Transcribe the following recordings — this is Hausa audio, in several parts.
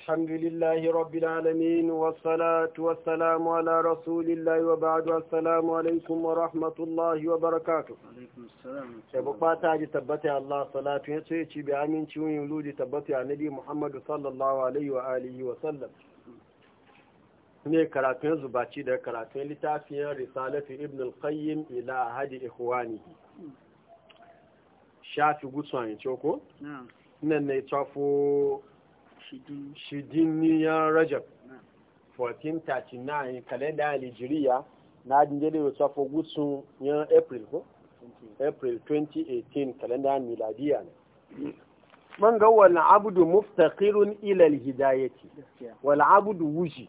الحمد لله رب العالمين والصلاة والسلام على رسول الله وبعد السلام عليكم ورحمة الله وبركاته عليكم السلام شبقى تاج تبتي الله صلاة يسيتي بعمين شوين ولود تبتي عن نبي محمد صلى الله عليه وآله وسلم ne karatun zubaci da karatun littafin risalatu ibn al-qayyim ila ahadi ikhwanihi shafi gutsuwa ne ko nan ne tafo shidiniyar rajab 1439 kalenda Nigeria, na dinje wasu afogusu ya april ko april 2018 kalenda miladiya ne man ga wani abudu muftakirun ilal hidayeti wani abudu wuji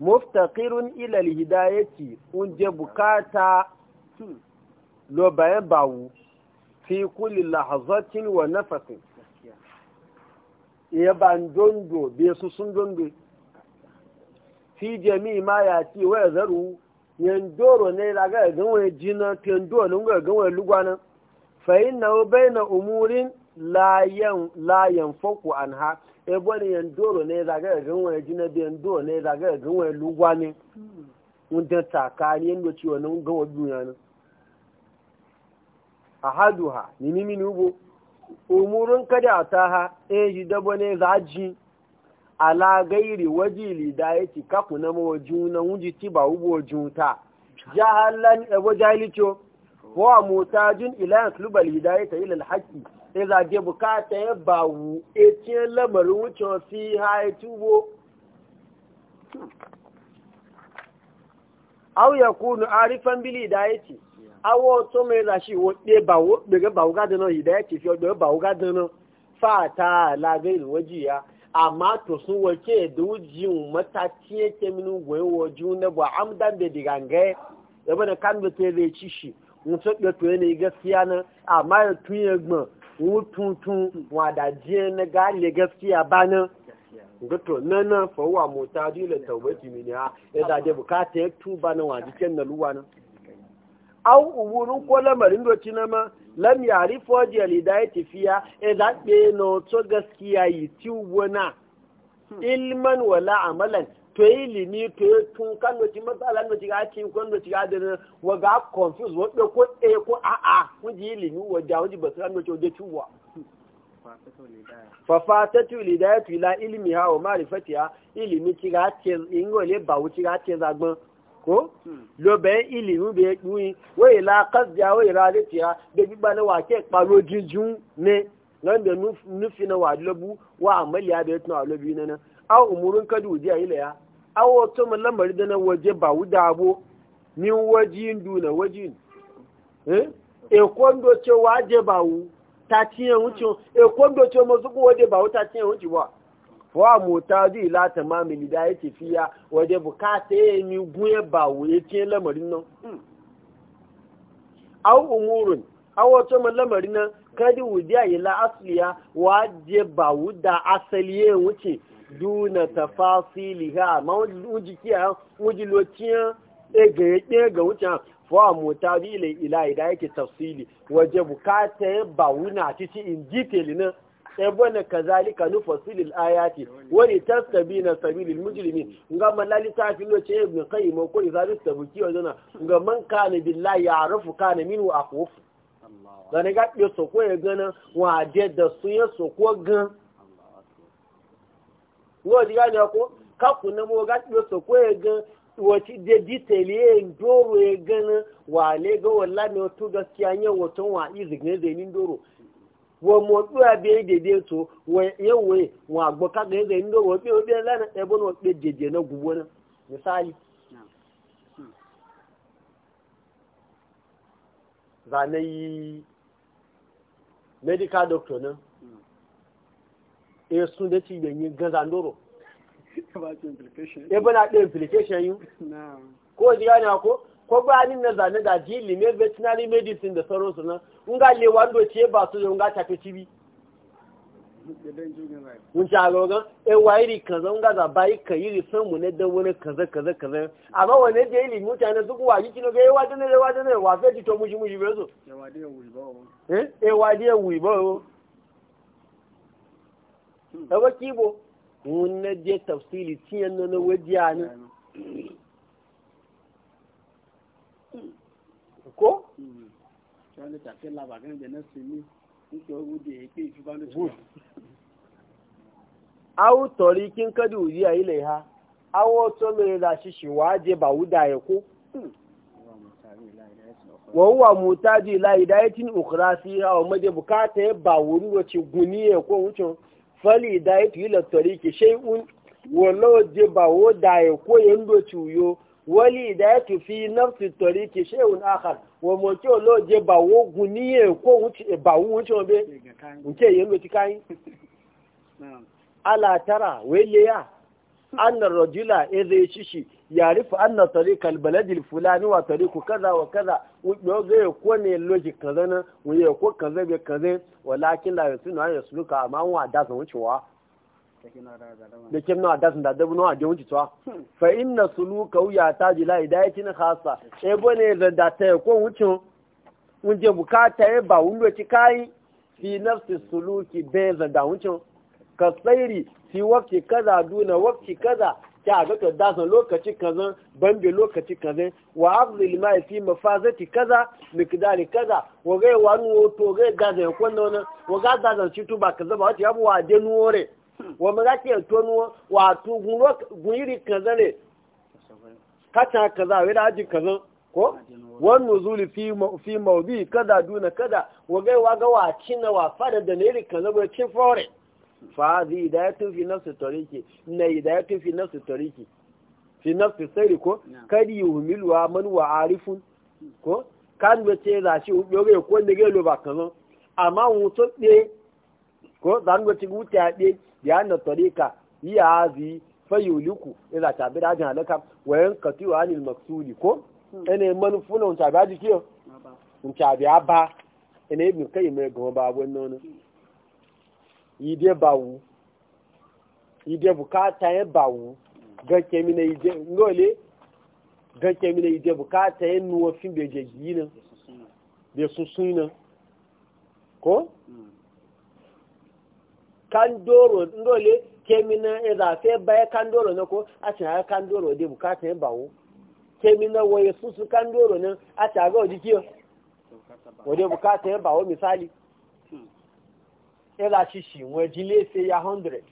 muftakirun ilal hidayeti unje bukata hmm. lo bayan bawu fi kulli lahazatin wa nafasin ya ban ndondo bai su sun fi jami ma ya ci waya zaru yan doro ne la ga gan wani jina ten do nun ga gan wani lugwana fa inna baina umurin la yan la yan foku anha e bani yan doro ne la ga gan wani jina ben do ne la ga gan wani lugwani mun da takani yan do ci wannan gan wani duniya nan ahaduha ni mimi ni ubo umurun kada a taha e ji dabo ne za ji ala gairi waje lida ya ci kafu na mawaju na wuji ci ba wubo junta jahallan ebo jahilicho wa mutajin ila yan kluba da ya ta ilal haƙi e za je bukata ya wu e tiyan lamarin wucin fi ha ya tubo au ya kunu arifan bili da ya ci. awo to me la shi wo de ba wo de ga ba wo ga de no ida ti fi odo ba wo ga de no fa ta la ga ilu waji ya amma to sun wo ke du ji un mata ti e ke minu wo e wo ju ne ba amdan de digange e ba na kan be te le chi shi un so de to e ne na amma ya e tun ye gbon un tun tun wa da je ne ga le ba na gato nan nan fa wa mota dole tawbati min ya na au uburin ko lamarin doci na ma lam yari fodi ya tafiya e ɓe na wato gaskiya yi ti wana ilman wala amalan to yi limi to yi tun kan doci matsala doci ga ci kwan doci ga adana wa ga confuse wa ko e ko a a kuji yi limi wa ja wuji basu kan doci wa ciwa fafatatu lidayatu ila ilmiha wa ma'rifatiha ilimi ci ga ce ingole ba wuci ga ce zagbon ko lóbẹ̀ ìlìhún bẹ̀ pín wọ́n ìlà kásìdíà wọ́n ìlà àdétìá bẹ́bí gbaná wà kẹ́ ìpàlọ́ jíjún na wọ́n lobu núfinna wà lọ́bù be àmọ́lẹ̀ abẹ́ tún na ile ya àwọn ọ̀tọ́ mọ̀ lámàrí na wọ́jẹ́ bàwú dàbò ní wọ́jì ń dùn náà wọ́jì ń èkó ń dòtí wọ́n á jẹ́ bàwú wa mota zai ila tamamin ya tafiya waje bukata ya yi guye ba wuye ce lamarin nan hmm. au umurun au wata man lamarin nan kadi wudiya ila asliya waje ba wuda asali ya wuce duna tafasili ha ma wuji kiya wuji lociya ɗaya e e ga wuce ebona kazalika nufasilil ayati wani tastabi na sabilil mujrimi nga malali ta fi lo ce ibn qayyim ko izalu tabuki wa dana nga man kana billahi ya'rafu kana minhu akhuf dan ga yo so ko ya e gana wa de da su ya so ko gan ngo diga ne ko ka na mo ga yo so ko ya e gan wace de detaili ya e doro ya gana wale ga wallahi ne to gaskiya ne wato wa zai zainin doro wọ́n mọ̀ pé àbí èdèdè tó yẹn wọ̀ yìí wọ́n àgbọ̀ kákan yẹn ní wọ́n pé obi ẹlẹ́nà ẹbọn wọn pé dèdè náà gbogbo náà misali. zane yi medical doctor náà esun da ci yanyin gaza ndoro ebe na ɗaya implication yi ko ji ko ko ba na zane da ji lime veterinary medicine da sauransu nan in ga le wando ce ba su yau nga tafi cibi mun ci agogon e wairi kaza nga za bayi ka yi san mu ne da wani kaza kaza kaza amma wane da yi ta na kuwa yi kino ga yawa e, wajen ne wajen ne wa fe jito mushi mushi ba o. e, e wadi ya wui ba o e hmm. wa kibo mun na je tafsiri tiyan na wajiya ne tí wọ́n lè tàfẹ́ làbà kan bẹ̀ náà sí ní nítorí owó di èyí pé ìfúbá ló sùn. awo tọ̀rí kí n kẹ́dù òyì àyílẹ̀ ha awo tó lóye la ṣiṣì wá jẹ bàwúdà ẹ̀ kú. wọ́n wà mùtájú ìlà ìdáyẹ̀tì ní òkúra sí àwọn ọmọdé bùkátà ẹ̀ bàwúrú ló ti wucin fali ẹ̀kọ́ òun tán fọ́lì ìdáyẹ̀tì ìlẹ̀ tọ̀rí kì í ṣe wọ́lọ́ jẹ bàwúdà ẹ̀kọ́ yẹn ló ti wúyọ wọ́lì ìdáyẹ̀tì fi náà ti tọ̀rí kì í ṣe òun áhàrà wọ́n mọ̀ tí olóòjẹ́ bàwó ogun ní èkó bàwó tí wọ́n bẹ́ nke èyí ló ti káyín alátara wẹ́lẹ́yà anna rọ̀júlà ṣíṣì yàrí fún anna tọ̀rí kalbaladil fulani wà tọ̀rí kù kaza wà kaza wọ́n zai èkó ne lójì wọ́n yẹ bẹ wọ́n lákínlá sùlùkà wọ́n wá. da kim na da sun da dabu na da wuce tsawa hmm. fa inna suluka ya ta jila hidayatin khassa e bone da da ta ko wucin wunje bukata e ba wundo ci kai fi nafsi suluki be da da wucin ka tsairi fi wakti kaza duna wakti kaza ya ga ka dasan lokaci kazan bambe lokaci kaza wa afzil ma fi mafazati kaza miqdari kaza wa ga wani to ga da ya kwanna wannan wa ga da zan ci tuba kaza ba wata yabu wa de nuore wọ́n mọ̀ láti ẹ̀tọ́ nu wọ́n wà á tún gun yìí kànzá lè kàtà kànzá àwẹ́rẹ́ àjì kànzá kọ́ wọ́n nù lè fi mọ̀ bí dúnà kádà wọ́n gẹ́ wá gá kí na wà fàdà dànà yìí kànzá bọ̀ kí fọ́ọ̀rẹ̀ fàázi ìdáyà tún fi tọ̀rí kì nà ìdáyà fi tọ̀rí kì fi sẹ́rì kọ́ kárí wà fún kọ́ ya na tarika ya azi fayuliku ila tabi da ajin halaka wa yankati wa anil maksudi ko ene manufuna un tabi aji kiyo un tabi aba ene ibn kai mai goma ba abun nono ide wu? ide bukata ya bawu gake mi na ide ngole gake mi na ide bukata ya nuwa fin beje gina be susuna ko kandoro ndole kemina eza fe baye kandoro na ko a cin kandoro de bukata ya e bawo kemina waye susu kandoro a ci haka wajen kiyo wajen bukata ya e bawo misali eza shishi wajen lefe ya 100 e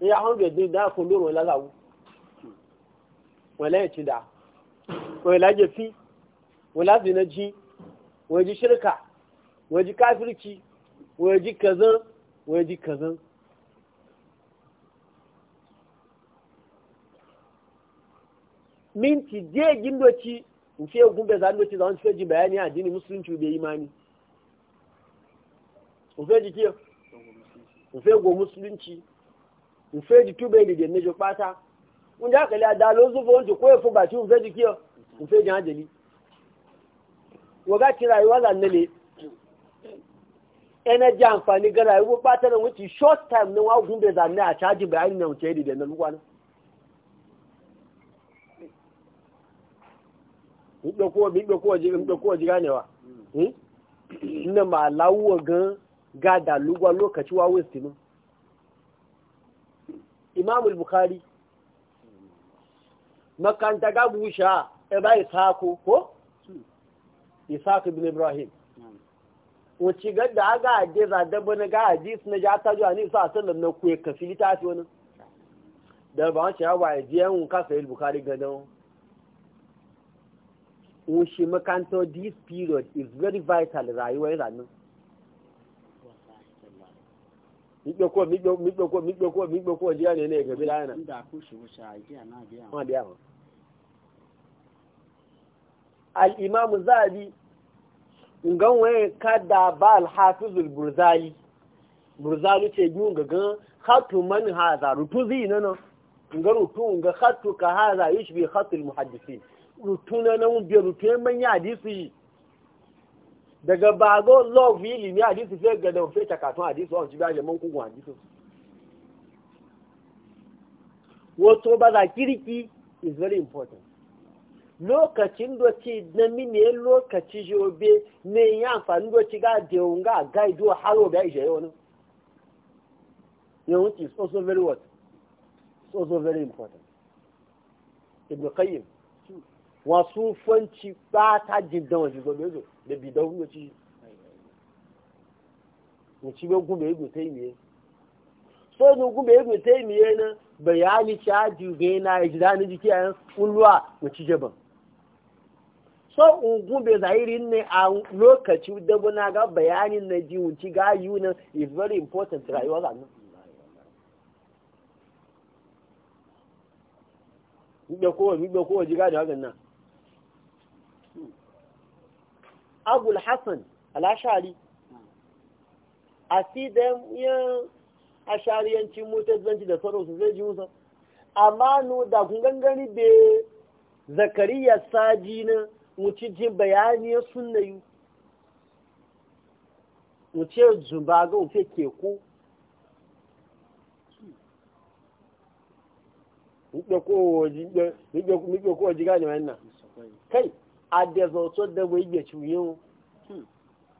ya 100 din da kondoro wala ya wala wala zinaji shirka kafirci ji kazan wai ji kazan minti je gindoci in ce gumbe za ndoci za wani suka ji bayani a jini musulunci bai imani in fe ji kiyo in go musulunci in ji tube da genne jo pata in ji haka da zuwa wani ko ya fi baci ji kiyo in ji hanjali waga ci rayuwa zannale energy amfani ga rayuwa ɓata da wuce short time na wagun bai zane a caji bayani na wuce da na lukwa nan ɗaukowa jirin ɗaukowa jira ne wa ina ma lawuwa gan gada lugwa lokaci wa wasu timin imamul bukari makanta gabu sha eba isaku ko isaku ibrahim hmm. ci gadda aga aje za dabba na ga aji su na ja ta zuwa ni sa sallam na kuwa ka fili ta fi wani da ba wancan yawa ya je yawon kasa yin bukari gadon wuce makanta this period is very vital rayuwar ranar migbeko migbeko jiya ne ne gabi a jiya zabi ngan waye kada ba alhafizul burzali burzali ce yi gan khatu man haza rutu zi na ga nga rutu nga khatu ka haza yi shi khatul muhaddisin rutu na nan bi rutu man ya hadisi daga bago love yi ni hadisi sai ga da fe ta hadisi on ji ba leman kugun hadisi wato ba za kiriki is very important lokacin doci na mini e lokaci jobe ne ya amfani doci ga deun ga gaido haro da ishe yau ne yawon so so very what so so very important ibn qayyim wasu fanci ba ta jidan wasu zobe zo da bidan doci mu ci bai gube ego ta imiye so ne gube ego ta imiye na bayani caji ga yana ya ji jiki a yan kulluwa mu ci jaban so ungun bai zahiri ne a lokaci da na ga bayanin na ji ga yi is very important rayuwa ga nan Migbe kowa, migbe kowa ji gane hakan nan. Abul Hassan a si da yan ashariyanci da sauransu zai ji musa amma da kun gangani da zakariya saji na wuce jin bayani ya sunna yi wuce zuba ga wuce keku mike jiga gane wannan kai a da zautar da bai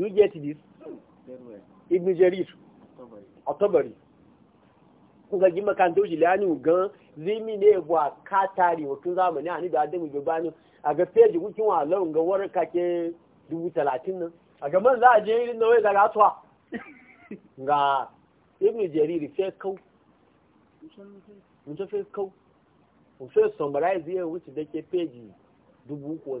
Do you get this? Ibn Jarir, Atobari. Kuka ji makaranta gan zimi ne ba ka tare wakil zamani a ni da adamu gabani a ga feji kukin wa launin ga warin kake dubu talatin nan. A ga man za a je irin na wai gara tuwa. Ga fe kau. Mutu fe kau. Mutu summarize yau wuce da ke feji dubu ko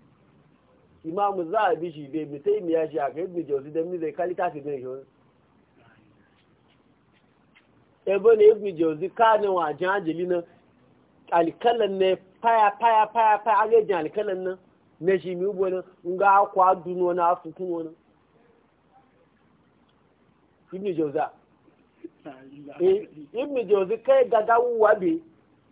imam bi shi bai mutai mi ya shi a kai ibn jauzi don mi zai kali tafi gan shi wani ebe ne ibn ne kanin wajen ajali nan alkalan ne faya faya faya faya agajin alkalan nan na shi mi ubo nan nga akwa duno na afukun wani ibn jauza eh, ibn jauzi kai e gagawu wabe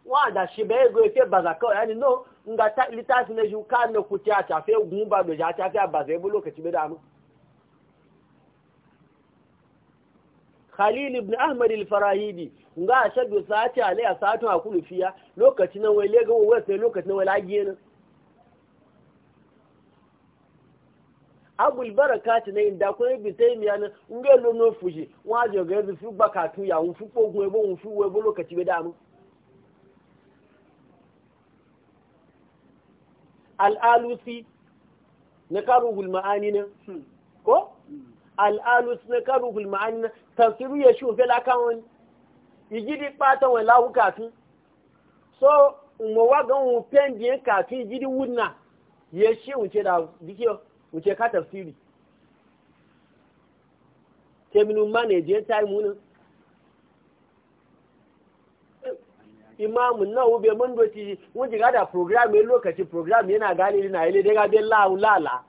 wọn e àdàṣe e bẹ́ẹ̀ gbé pé bàzàkọ́ ẹni náà nga ta littafi na ju ka na kuti ta ta fe gun ba do ja ta fe ba zai bu lokaci be da mu Khalil ibn Ahmad al-Farahidi nga shaddu sati alai a satu akulu fiya lokaci na wai lega wai sai lokacin wai lagiye nan abul barakati na inda kun ibi ta imiya na nge lo no fuji wọn ajo ga ezu fi tu ya wọn ko pogun ebo wọn fi wo ebo lokaci bai da mu al'alusi na karuhul ma'ani na hmm. ko? al'alus na karuhul ma'ani na tafsiru ya shi ofe lakawon igidi patan wa lawu katun so umarwa gan wufen biyan katun igidi wudna ya shi wuce da dikiyo wuce ka tafsiri keminu mana ya je ta yi imamu na ube mun doci mun jiga da program ya lokaci program yana gane na ile daga bin la'un lala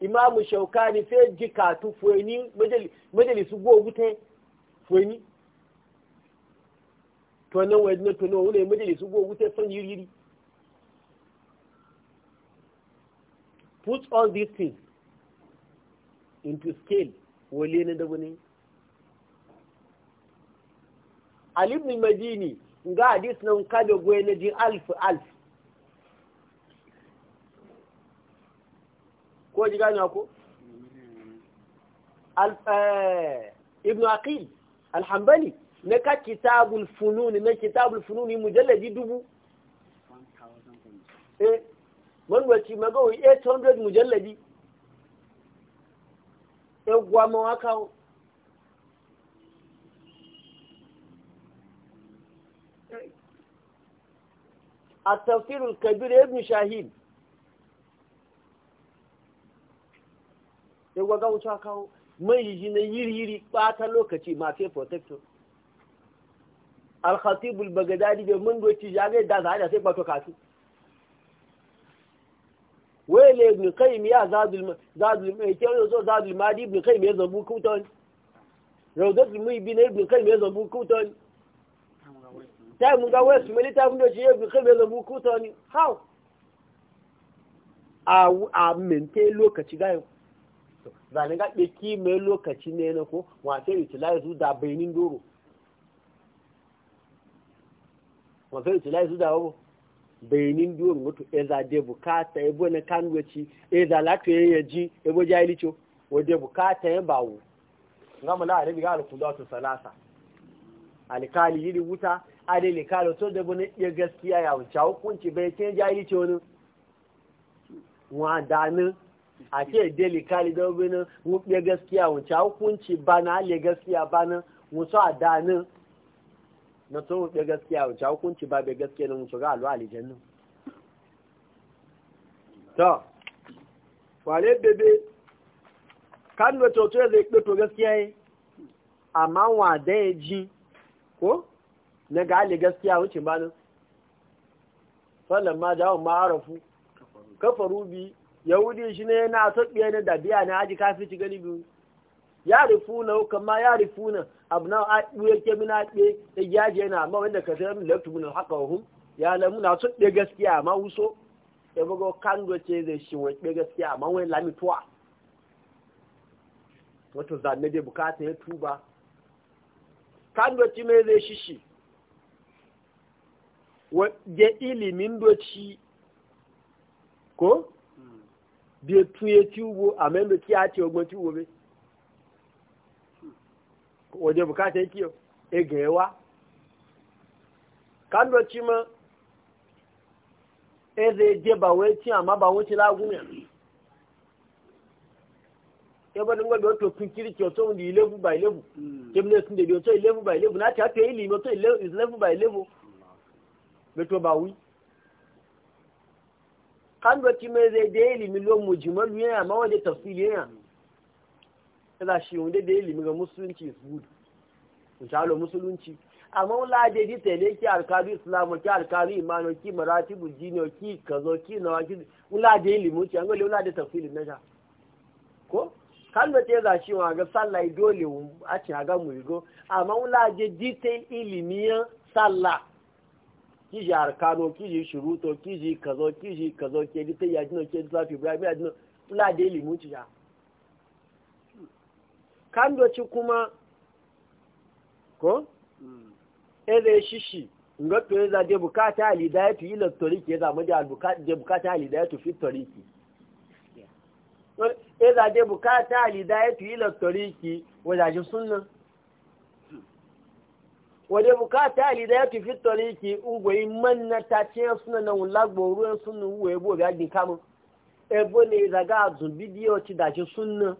imamu shaukani fe jika tu fueni majalisu gogute fueni to nan wajen na tuno wune majalisu gogute son yiriri put all these things into scale wole ne da wani alibni madini nga hadith na kada gwene di alf alf ko ji gani ibn aqil al-hanbali na ka kitabul fununi na al-funun mujalladi dubu eh wati magawi 800 mujalladi e eh, gwamon التفسير الكبير ابن شاهين sai waga wuta kawo mai yi na yiri-yiri ɓata lokaci mafi protector alhatibul bagadadi bai mun doci da za a sai bato kasu wele ibn kaim ya zadul mai kyau zo zadul ya zabu kuton raudatul muibi na ta mun ga wasu mai littafin da shi bi fi kabe zabu kuta ni how a mente lokaci gayo zane ga ɗaki mai lokaci ne na ko wafe utilize da benin doro wafe utilize da wabo benin doro wato eza de bukata ebo na kanwaci eza lati yaya ji ebo jahilicho wade bukata ya e bawo gama na arabi ga alkudatu salasa alkali yiri wuta adali kalo to da bune ya gaskiya ya wuce hukunci bai ce jari ce wani wadanin a ce deli kali da bune ya gaskiya wuce hukunci ba na ale gaskiya ba na wuce adanin na to ya gaskiya wuce hukunci ba bai gaskiya na wuce ga alwa alijannu to kwale bebe kan da to zai kpe to gaskiya yi amma wa ya ji ko na gali gaskiya wuce ba nan falamma jawo ma'arafu kafaru bi yahudi shi ne yana taɓiya na dabiya na aji kafin ci gani biyu ya rifuna kama ya na abu na aɗu ke mina ɗe da yaji yana amma wanda ka sai da laftu na haka hun ya lamu na taɓe gaskiya ma wuso ya bugo kango ce zai shi wa gaskiya ma wani lamituwa wato zanne dai bukata ya tuba kango ci mai zai shishi ya ilimin doci ko bi tuye tubo a mendo ki a ce ogbon tubo be waje bukata yake e ga yawa kan doci ma e zai je ba wai ci amma ba wuce lagun ya ya ba dinga da to kun kiri kyoto wanda ilefu ba ilefu kemne sun da biyoto ilefu ba ilefu na ta ta yi limoto ilefu ba ilefu beto ba wi kan da de zai da ilimi lo mujmalu ya ma wanda tafsiri yana kada shi wanda da ilimi ga musulunci is good inshallah musulunci amma wala da ji tele ki alkabi ki alkabi imanu ki maratibu ki kazo ki ki an gole na ko kalmar ta yaza shi wa ga sallah dole a ci ga mu yigo amma sallah kiji arkano kiji shuruto kiji kazo kiji kazo ke dita ya jino ke dita fi ibrahim ya jino la da ilimin ci ya kan doci kuma ko hmm. ere shishi nga to yaza de bukata alidayatu ila tariki yaza mu da bukata bukata alidayatu fi tariki yaza de bukata alidayatu ila wadda bukata alida ya tafi tariki ungwai manna ta ce suna nan lagbo ruwan suna uwa ebo ga gin kamun ebo ne daga zumbi bidiyo ci da shi suna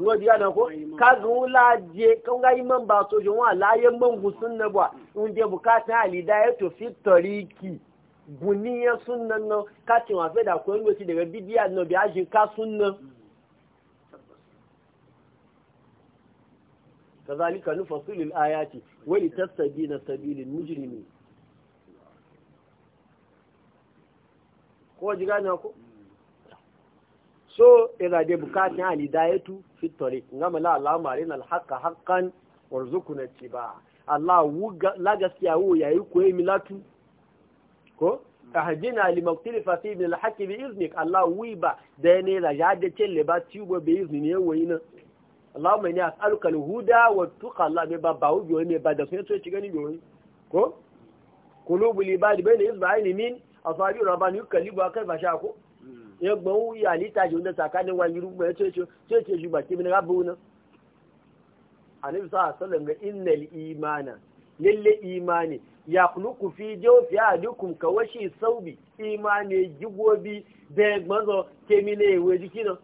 wadda ya na ko ka ga wula je kan ga iman ba so jin wa layan mangu suna ba de bukata alida ya tafi ki guniya suna nan ka ce wa fai da kwanwaci daga bidiya na biya shi ka suna kazalika nufasilul ayati wa litastabina sabilil mujrimin ko ji gane ko so ina da bukatun alidayatu fi tariq ngama la alama rin alhaqa haqqan warzuqna tiba Allah wuga la gaskiya wo yayi ko yi milatu ko ahdina li maqtilifa fi min alhaqi bi iznik Allah wiba da ne da ya da ba tiwo bi izni ne wayina Allahumma inni as'aluka al-huda wa tuqa Allah me ba bawo yo ne ba da sun so ci gani yo ko kulubu libadi bayna isba'aini min asabi rabbani yukallibu akal bashako hmm. ya gbon ya ta ji wanda tsakanin wani rubu ya ce ce ce shi baki min rabu na annabi sa sallam ga innal imana Lille imani ya khluqu fi jawfi adukum kawashi saubi imani jigobi da gbanzo kemine we jikina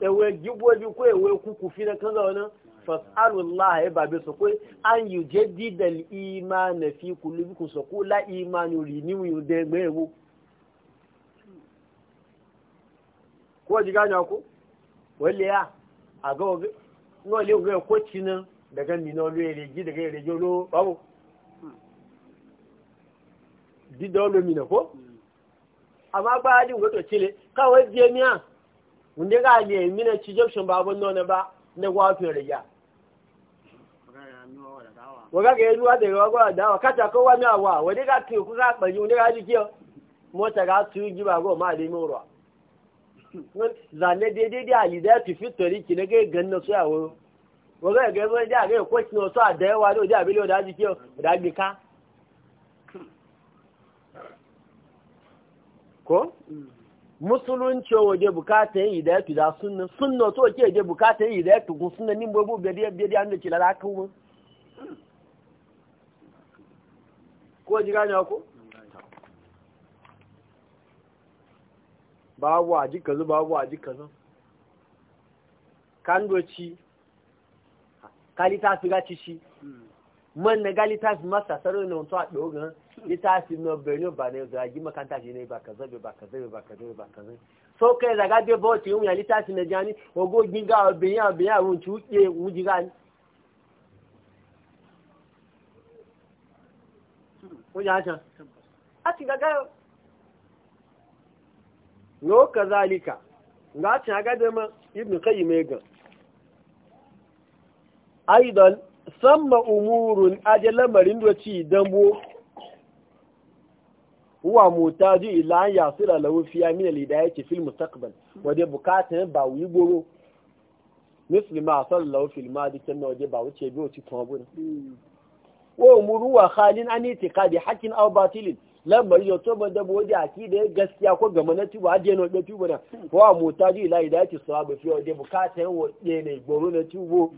ewe jibwaji ko ewe kuku fi na kan zauna fas'alullah ya e babe so ko an yujaddid al-iman fi qulubikum so ko la iman renew you de gbewo ko ji ganya ko wale ya aga oge wale oge ko cinan daga mina olu ereji daga ereji olu babu dida olu mina ko hmm. amma ba hadi ngoto chile kawai jemiya wunde ga ne mina ci jabshin babun nona ba na gwafin riga waga ga yanuwa da yawa gwa dawa kata ko wani awa wani ga ke kusa bari wani ga ji kiyo mota ga su ji ba go ma da mu ruwa zane daidai da ali da fi fitori ki na ga ganna su yawo waga ga yawa da ga ko kino so da yawa do da bilo da ji kiyo da ji ka ko hmm. musulunci waje bukata yi da yake da sunna sunna to ke je bukata yi da yake kun sunna nin babu bedi bedi an ke lalaka ku ko ji gane ku babu a jika zu babu a jika zu kan doci kalita su gaci shi hmm. man na galita su masa sarau na wato a dogon littafi na birnin ba ne ji makanta ji ne ba ka be ba ka be ba ka be ba ka zabe so kai zaga be bo ti wunya littafi na jani ogo ginga obinya obinya u ji ga ni o wunya cha a ti gaga no kazalika ga ti aga de ma ibn qayyim ya e ga aidan samma umurun aje lamarin da ci dambo huwa mutaji ila an ya sura lahu fiya min al yake fil mustaqbal waje bukatun ba wi goro misli ma asal lahu fil madi kanna waje ba wuce bi wuce kuma bune wa umuru wa khalin an itiqadi hakin aw batilin lamar yau to ban da waje akida gaskiya ko ga manati ba je no da tubo na wa mutaji ila hidayati sahabu fiya waje bukatun de ne goro na tubo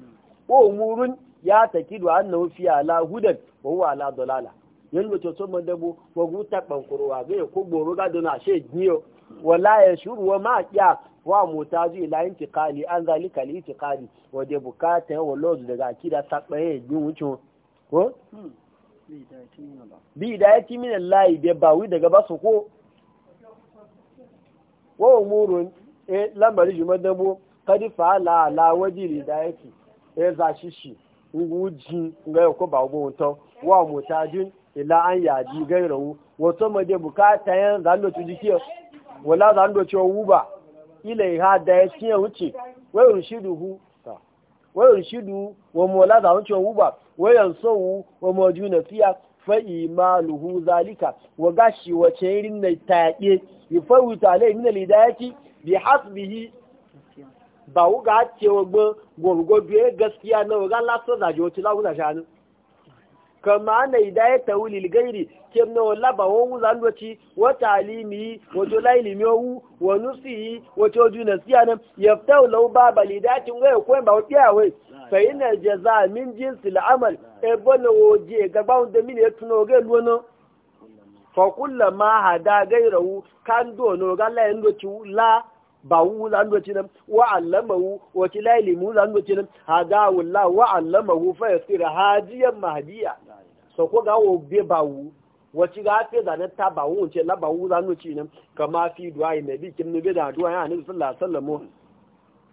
wa umurun ya takidu annahu fiya la hudan wa huwa ala dalala yalwa to so man dabo wa guta bankuro wa ga ko goro ga dona she giyo wala ya shuru wa ma ya wa mutaji ila intiqali an zalika li intiqali wa de bukata wa lord daga akida sakbaye gi wucin ko hmm. bi da yati min Allah ba wi daga su ko wa umurun e lambari juma dabo kadi fa la la li da yati e za shishi ji ngai ko ba bawo to wa mutajin ila an yaji gairawu wato maje bukata yan zando ci jiki wala zando ci ba ila ha da ya ciye wuce wai urshiduhu wai urshidu wa mola da wuce wuba wai yansawu wa majuna fiya fa imaluhu zalika wa gashi wace irin ne taƙe ta alai min alidayati bi hasbihi ba wuga ce wa gbo gurgudu gaskiya na wuga lasso da joci laguna shanu kama na idaya ta wuli ligairi ke mna wala ba wọn wuza ndoci wata alimi wato la ilimi owu wa nusi wato juna siya nan yafta wula ba ba da waya ko ba wata yawai fa ina jaza min jinsi amal e bona oje gaba wanda mini ya tuno ga luwono fa da gaira wu kan dono ga la ndoci la ba wu za ndo ci nan wa allamahu wa tilali mu za ndo na nan hada wallahu wa wu fa yasira hajiyan mahdiya ko ga wo be bawu wace ga fe zanen ta bawu wace la bawu zanu ci nan kama fi du'a bi kin be da du'a ya ni sallallahu alaihi wasallam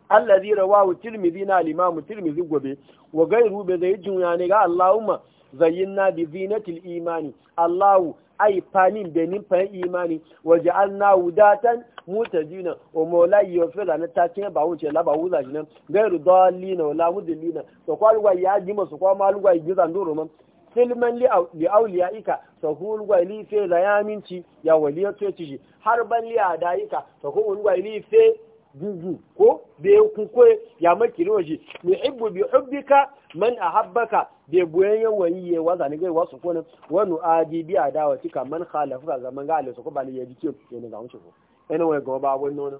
allazi rawahu tirmidhi na al-imam tirmidhi gobe wa gairu be zai junya ne ga allahumma zayyinna bi zinatil imani allahu ay fanin da nin fa imani wa ja'alna wudatan mutajina wa mawlai yafira na takin ba wuce la ba wuza jinan gairu dallina wala mudillina to kwalwa ya jima su kwa maluwa yi zan doro man filman li auliya ika sahun gwali fe da ya minci ya waliyar ceci har ban liya da ika sahun gwali fe gugu ko da ya kuko ya maki waje mai ibu bi hubbika man a habbaka da buyan yawan yi yawa zane gai wasu kunin wani adi bi a dawa cika man halafuka zaman ga alisa ko ba ne ya ji ke ne ga wuce ko yana wani gaba ba wani nono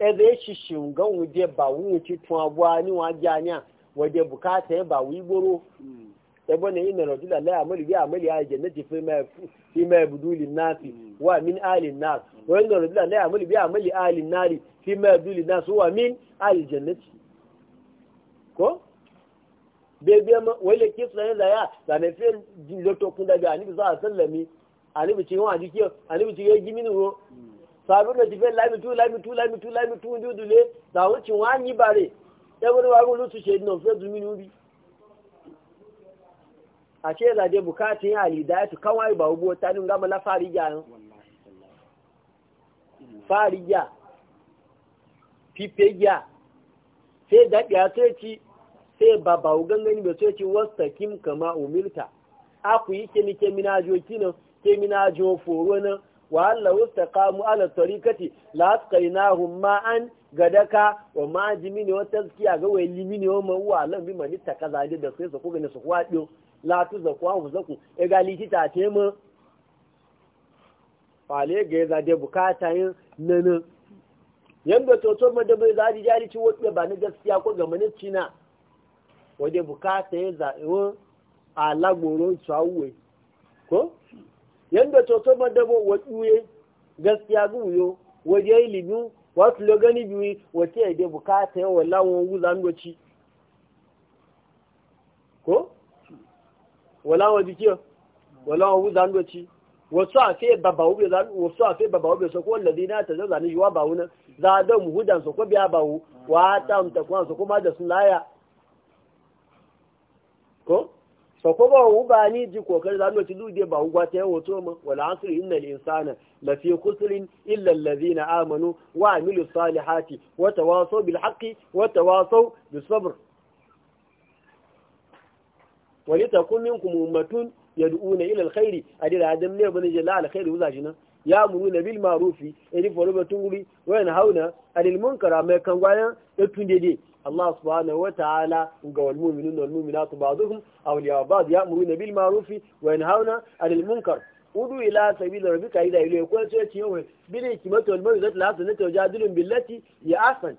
ebe ya shi shi ga wuje ba wuce tun abuwa ni wa janiya waje bukata ba wi goro ya bane ina rajula la amali bi amali ya fi ma fi ma hmm. hmm. nasi wa min wa ina la amali bi amali nari fi ma wa min jannati ko be ma wale ya da ne fi loto kun da ani bi sa sallami ani bi ci wa ji ki ani bi ci gimi tu tu tu tu da bare tẹ́gbẹ́rẹ́ wa gbọ́n ló tún ṣe náà fẹ́ mí lórí àṣẹ ìrìnàjò bukati yẹn káwọn ìgbà ta ní nga fàríjà yẹn fàríjà pípéjà ṣé ìdápẹ́ àtúrẹ́tì ṣé bàbá ògángán níbẹ̀ tó ti wọ́n sàkím kàmá òmìnira a kò yí kẹ́mi kẹ́mi náà jọ kí náà kẹ́mi náà jọ náà وهل لو استقاموا على الطريقة لأسقيناهم ماء gadaka wa ma jimini wa tazkiya ga wai limini wa ma wa lan bi mani takaza da sai su ko gani su kwado la tu zakwa hu zaku e ga liti ta ce mu fale ga za da bukata yin nan yanda to to da bai za ji jari ci wadda ba gaskiya ko ga mani cina wadda bukata ya za a lagboro tsawwe ko yanda coto madabo wa tsuye gaskiya guyo waje ilimin wasu logani biyu wace ya dai bukata yawa lawon wuzan doci ko? wala jikiyo walawon wuzan doci wasu a fe babba wube wasu a fiye baba wube so ko wallazi na ta zaza ni wa bawu na za da mu hudan so ko biya bawu wa ta mu ta kuma so kuma da sun laya ko fako ba wu ba ni ji kokari zamu ci duje ba ugwa ta yawo to mu wala asr innal insana la fi khusrin illa allazina amanu wa amilu salihati wa tawasaw bil haqqi wa tawasaw bis sabr wa takun minkum ummatun yad'una ila al khairi adira adam ne bane jalla al khairi wa zajina ya muruna bil ma'rufi eri foro wayan wa yanhauna anil munkara mai kangwayan etun dede Allah subhanahu wa ta'ala ga wal mu'minuna wal mu'minatu ya awliya ba'd ya'muruna bil ma'ruf wa yanhauna 'anil munkar udu ila sabila rabbika ila ya kun sai ci yau bil hikmati wal mawizati la tunatu jadilun billati ya ahsan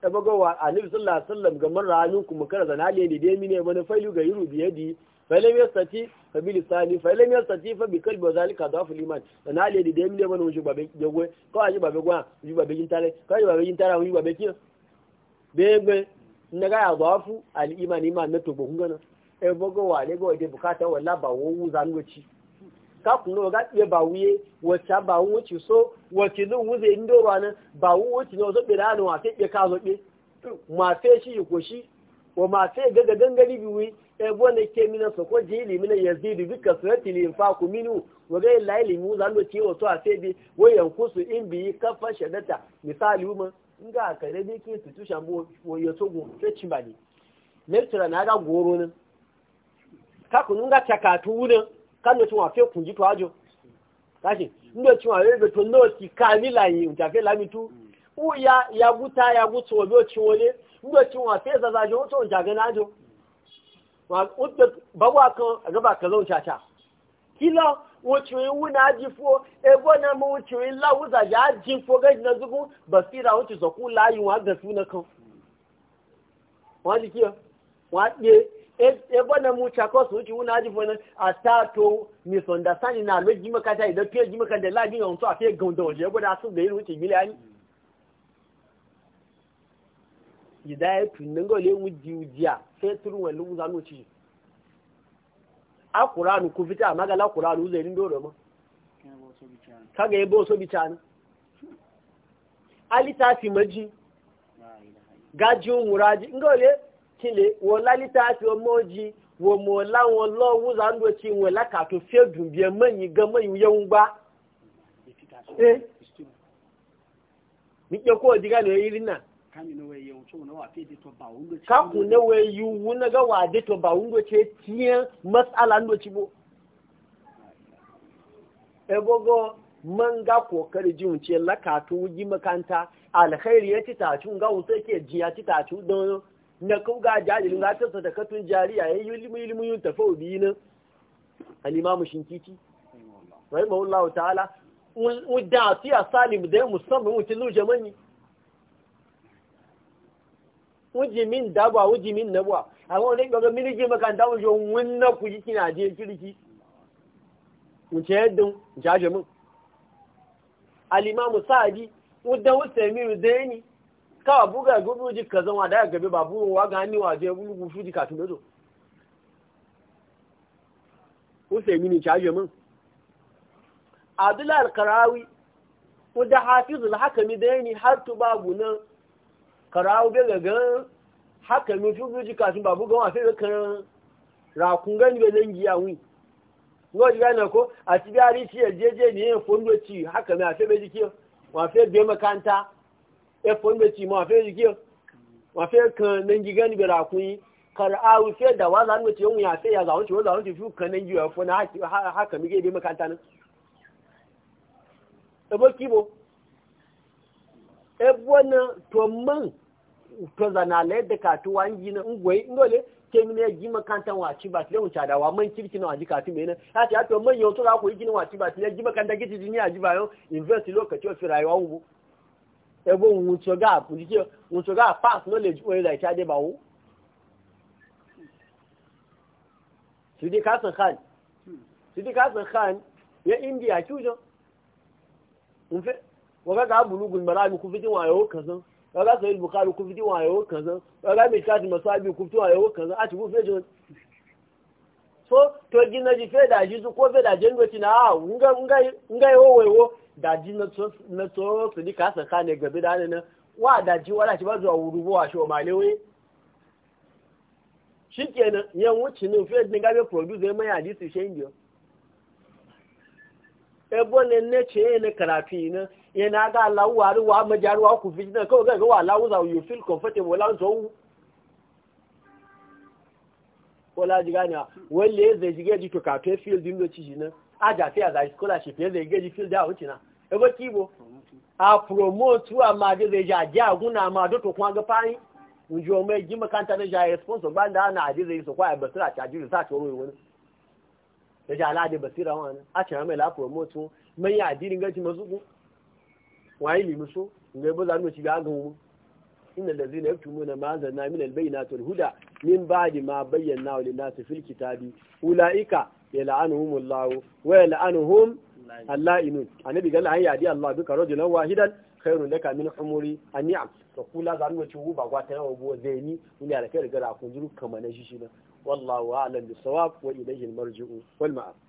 tabagowa annabi sallallahu alaihi wasallam ga man ra'anukum kana zanali ne dai mine wani failu ga yuru biyadi falam yastati fabilisani fa ilẹ̀ mẹ́ta tí fẹ́ bìkẹ́lì bọ̀ zálí kàdọ́ àfìlímà na àlè dìde ẹ̀mí lẹ́wọ́n ní oṣù gbàgbé jẹ́gbẹ́ kọ́ àyè gbàgbé gbà oṣù gbàgbé yín tálẹ̀ kọ́ àyè gbàgbé yín tálẹ̀ àwọn oṣù gbàgbé kí bẹ́ẹ̀gbẹ́ nígbà àgbà fú àlìmà ní màá mẹ́tò gbòkun wa gaɗe ba wuye wacce ba wuce so wacce ba wuce na wasu ɓira ne wa sai ɓe ka zoɓe ma fe ko wa ma sai daga gangari biwi e bona ke mina so ko ji ilimi na yazidu bi kasrati li infaku minu wa ga a sai bi wa yankusu in bi kafa shadata misali uma nga ka da bi ki tutu shambo wo yo togo sai cimbali na ga goro ne ka kun nga takatu ne kan da tuwa fe to ajo ndo to no yi unta fe ya guta ya bi ndo ci wa sai za zaje wato ja ga najo wa udda bagwa kan gaba ka zo chacha kila wuce wuna jifo ebo na mu wuce lawuza ya jifo ga na zugu basira wuce zaku layu wa ga suna kan wa jiki wa de e, ebo na mu chako su wuce wuna jifo na atato misunderstanding na lo jimaka ta idan pe jimaka da lajin yon so afi gondon je ebo da su da iru wuce milani hidayah tun nan ga lewu jiujiya sai turun wani lubu zanu ci a kuranu ku fita magala kuranu zai rindo da ma kaga yabo so bicana alita maji gaji ngole kile wọ́n lálítà àti ọmọ ọjí wọ́n láwọn lọ́wọ́ zandó tí wọ́n diga kaku na wai yi wuna ga wade to ba wungo ce tiyan matsala ndo ci bo egogo man ga kokari ji wuce lakatu wuji makanta alkhairi ya ci tacu ga wuce ke ji ya ci tacu don na kau ga jajilin ga ta da katun jariya ya yi ilimin ilimin yun tafa ubi nan alimamu shinkiki rahimahullahu ta'ala udan asiya mu da musamman wuce lujamani wuji min dabwa wuji min nabwa amma wani maka miliki makanta wuce wunna ku yi kina je kirki wuce yadda jaje min alimamu sa'adi wadda wuce mi zai ni kawa buga gudu ji ka zama daga gabe ba burin wa ga hannu waje bulugu su ji kafin da zo wuce ni jaje min abdullahi alkarawi haka hafizul hakami zai ni har tu babu nan karawo bai ga gan haka mi fi zuci kafin babu gama sai kan rakun gani bai zan giya wi ngo ji gane ko a ti bari ti ejeje ni en fondo ci haka mi a fe be wa fe be makanta e fondo ci ma fe dikio wa fe kan nan gi gani bai rakun yi karawo fe da wa zan wuce yun ya fe ya zawun ci wa zawun ci fu kan nan giya e fo na haka mi ge be makanta nan ebo kibo ebo na to man to zana la yadda katu wa yi na ngwai ngole ke mi ne gi makanta wa ci ba tile wuce da wa man kirki na waji katu mai na ha ta to man yau to za ko yi gini wa ci ba tile gi makanta gici jini a ji ba yau invest lokaci ofi rayuwa wu ebo wuce ga kunje wuce ga pass knowledge wai da ta de ba wu Sidi Kasan Khan, Sidi Kasan Khan ya India kyujo, waga ga bulugun marami ku fitin wayo kazan. ọgá sọ ìlúkàlù kú fìdí wọn àyẹ̀wò kan sán ọgá mi káàtì mọ̀ sábì kú fìdí wọn àyẹ̀wò kan sán àti kú fẹ́ jọ so to gina ji fẹ́ dàjí su ko fẹ́ dàjí ń gbẹ̀tì náà nga yi wọ́wọ́ ìwọ́ dàjí na tó su ní kásà ká ne gabi da na wa wa láti bá zuwa wuru bọ́ aṣọ ọmọ àlewé shi kenan yan wuce ne fẹ́ ní gábẹ́ produce mai hadisi ṣe ń jọ ebo ne ne ce ne karafi na yana ga lawu wa ruwa majaruwa ku fi jinan kawai ga wa lawu za you feel comfortable lawu zo kola ji gani wale zai ji gaji to kafe field din do ci na a ja fi a zai scholarship ya zai gaji field da wuce na ebo kibo a promote wa ma de zai ja ja guna ma do to kuma ga fani mun ji o mai ji makanta na ja sponsor ba da na aje zai so kwa e basira ta ji sa to roye wani da e ja ala de basira wani a ci mai la promote mun ya dirin gaji mazuku waye mi musu ngai ba za mu shiga ga mu inna allazina yaktumuna ma anzalna min albayyinati huda min ba'di ma bayyana lin nasi fil kitabi ulaika yal'anuhumullahu wa yal'anuhum allainun annabi gal an yadi allah bika rajulan wahidan khairun laka min humuri an'am to kula za mu ci ba gwata yawo bo zaini yi da kai daga rakun jiru kama na shi shi wallahu a'lam bisawab wa ilayhi almarji'u wal ma'ab